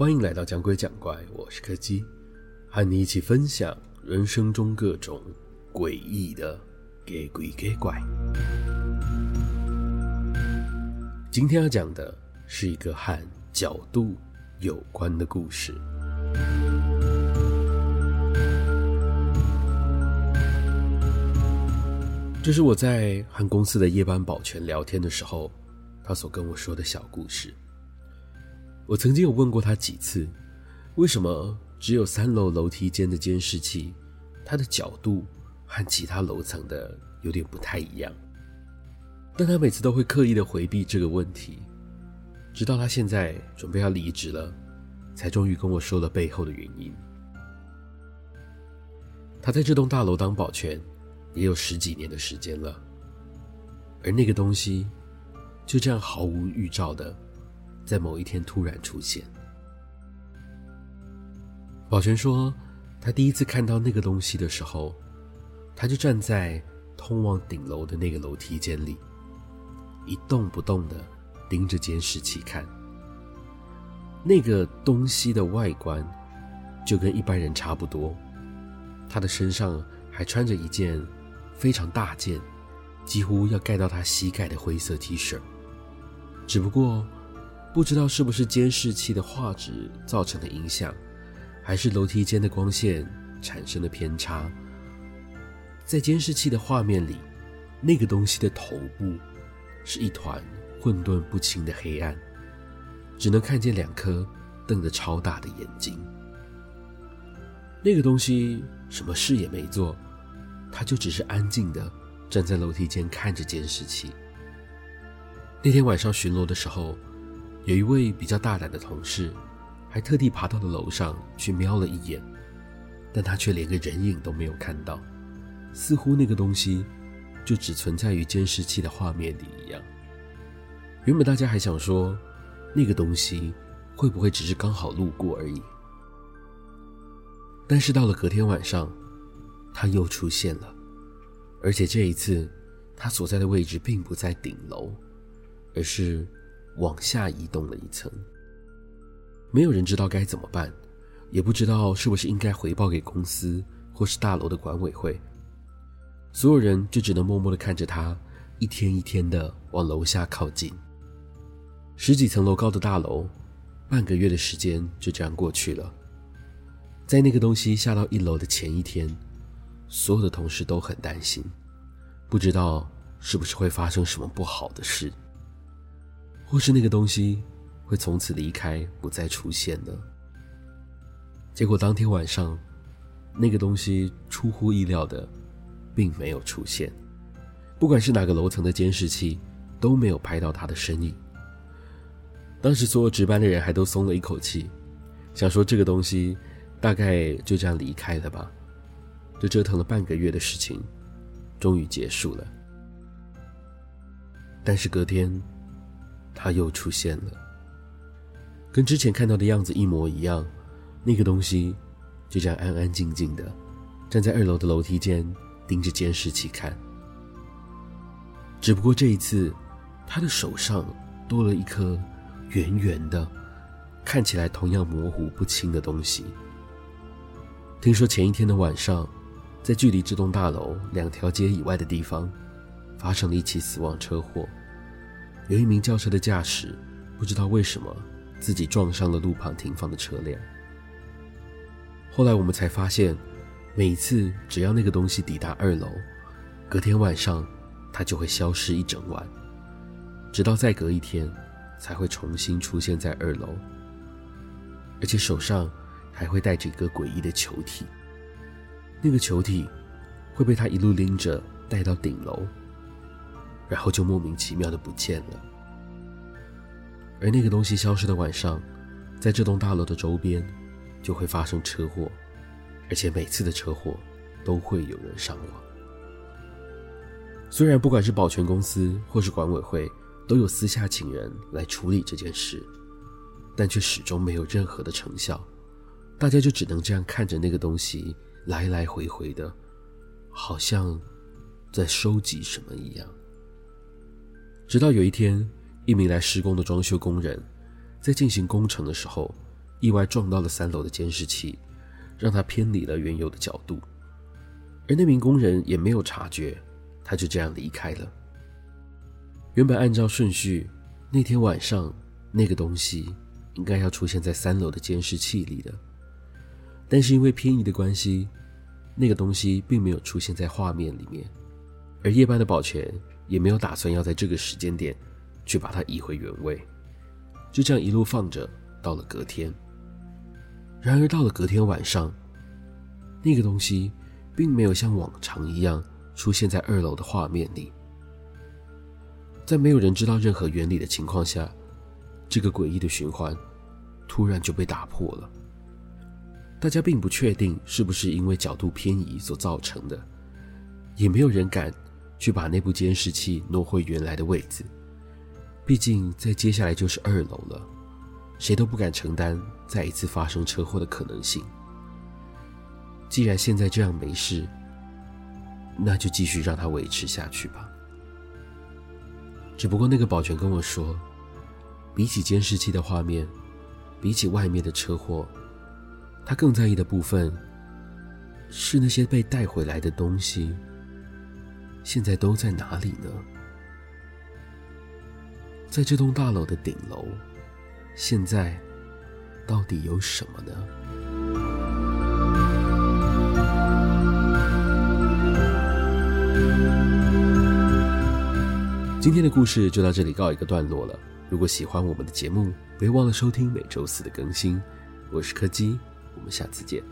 歡迎來到講鬼講怪，我是柯基，和你一起分享人生中各種詭異的鬼鬼怪怪。今天要講的是一個和角度有關的故事。這是我在和公司的夜班保全聊天的時候，他所跟我說的小故事。我曾經有問過他幾次，為什麼只有三樓樓梯間的監視器，它的角度和其他樓層的有點不太一樣，但他每次都會刻意的回避這個問題，直到他現在準備要離職了，才終於跟我說了背後的原因。他在這棟大樓當保全也有十幾年的時間了，而那個東西就這樣毫無預兆的。在某一天突然出現。保全說，他第一次看到那個東西的時候，他就站在通往頂樓的那個樓梯間裡，一動不動的盯着監視器看。那個東西的外觀就跟一般人差不多，他的身上還穿着一件非常大件，幾乎要蓋到他膝蓋的灰色 T 恤，只不過。不知道是不是監視器的畫質造成的影響，還是樓梯間的光線產生了偏差，在監視器的畫面裡，那個東西的頭部是一團混沌不清的黑暗，只能看見兩顆瞪得超大的眼睛。那個東西什麼事也沒做，它就只是安靜的站在樓梯間看着監視器。那天晚上巡邏的時候。有一位比較大膽的同事，還特地爬到了樓上去瞄了一眼，但他卻連個人影都沒有看到，似乎那個東西就只存在於監視器的畫面裡一樣。原本大家還想說，那個東西會不會只是剛好路過而已？但是到了隔天晚上，他又出現了，而且這一次，他所在的位置並不在頂樓，而是……往下移動了一層，沒有人知道該怎麼辦，也不知道是不是應該回報給公司或是大樓的管委會，所有人就只能默默地看着他，一天一天地往樓下靠近。十幾層樓高的大樓，半個月的時間就這樣過去了。在那個東西下到一樓的前一天，所有的同事都很擔心，不知道是不是會發生什麼不好的事。或是那個東西會從此離開，不再出現的結果。當天晚上，那個東西出乎意料的，並沒有出現。不管是哪個樓層的監視器，都沒有拍到他的身影。當時所有值班的人還都鬆了一口氣，想說這個東西大概就這樣離開了吧。這折騰了半個月的事情，終於結束了。但是隔天。他又出現了，跟之前看到的樣子一模一樣。那個東西就這樣安安靜靜的站在二樓的樓梯間，盯着監視器看。只不過這一次，他的手上多了一顆圓圓的、看起來同樣模糊不清的東西。聽說前一天的晚上，在距離這棟大樓兩條街以外的地方，發生了一起死亡車禍。有一名轎車的駕駛，不知道為什麼自己撞上了路旁停放的車輛。後來我們才發現，每一次只要那個東西抵達二樓，隔天晚上它就會消失一整晚，直到再隔一天才會重新出現在二樓，而且手上還會帶着一個詭異的球體。那個球體會被他一路拎着帶到頂樓。然後就莫名其妙的不見了，而那個東西消失的晚上，在這棟大樓的周邊，就會發生車禍，而且每次的車禍都會有人傷亡。雖然不管是保全公司或是管委會，都有私下請人來處理這件事，但卻始終沒有任何的成效，大家就只能這樣看着那個東西來來回回的，好像在收集什麼一樣。直到有一天，一名來施工的裝修工人在進行工程的時候，意外撞到了三樓的監視器，讓他偏離了原有的角度。而那名工人也沒有察覺，他就這樣離開了。原本按照順序，那天晚上那個東西應該要出現在三樓的監視器裡的，但是因為偏移的關係，那個東西並沒有出現在畫面裡面。而夜班的保全，也沒有打算要在這個時間點去把它移回原位，就這樣一路放着，到了隔天。然而到了隔天晚上，那個東西並沒有像往常一樣出現在二樓的畫面裡。在沒有人知道任何原理的情況下，這個詭異的循環突然就被打破了。大家並不確定是不是因為角度偏移所造成的，也沒有人敢。去把那部監視器挪回原來的位置，畢竟在接下來就是二樓了，誰都不敢承擔再一次發生車禍的可能性。既然現在這樣沒事，那就繼續讓它維持下去吧。只不過那個保全跟我說，比起監視器的畫面，比起外面的車禍，他更在意的部分是那些被帶回來的東西。現在都在哪裡呢？在這棟大樓的頂樓，現在到底有什麼呢？今天的故事就到這裡告一個段落了。如果喜歡我們的節目，別忘了收聽每週四的更新。我是柯基，我們下次見。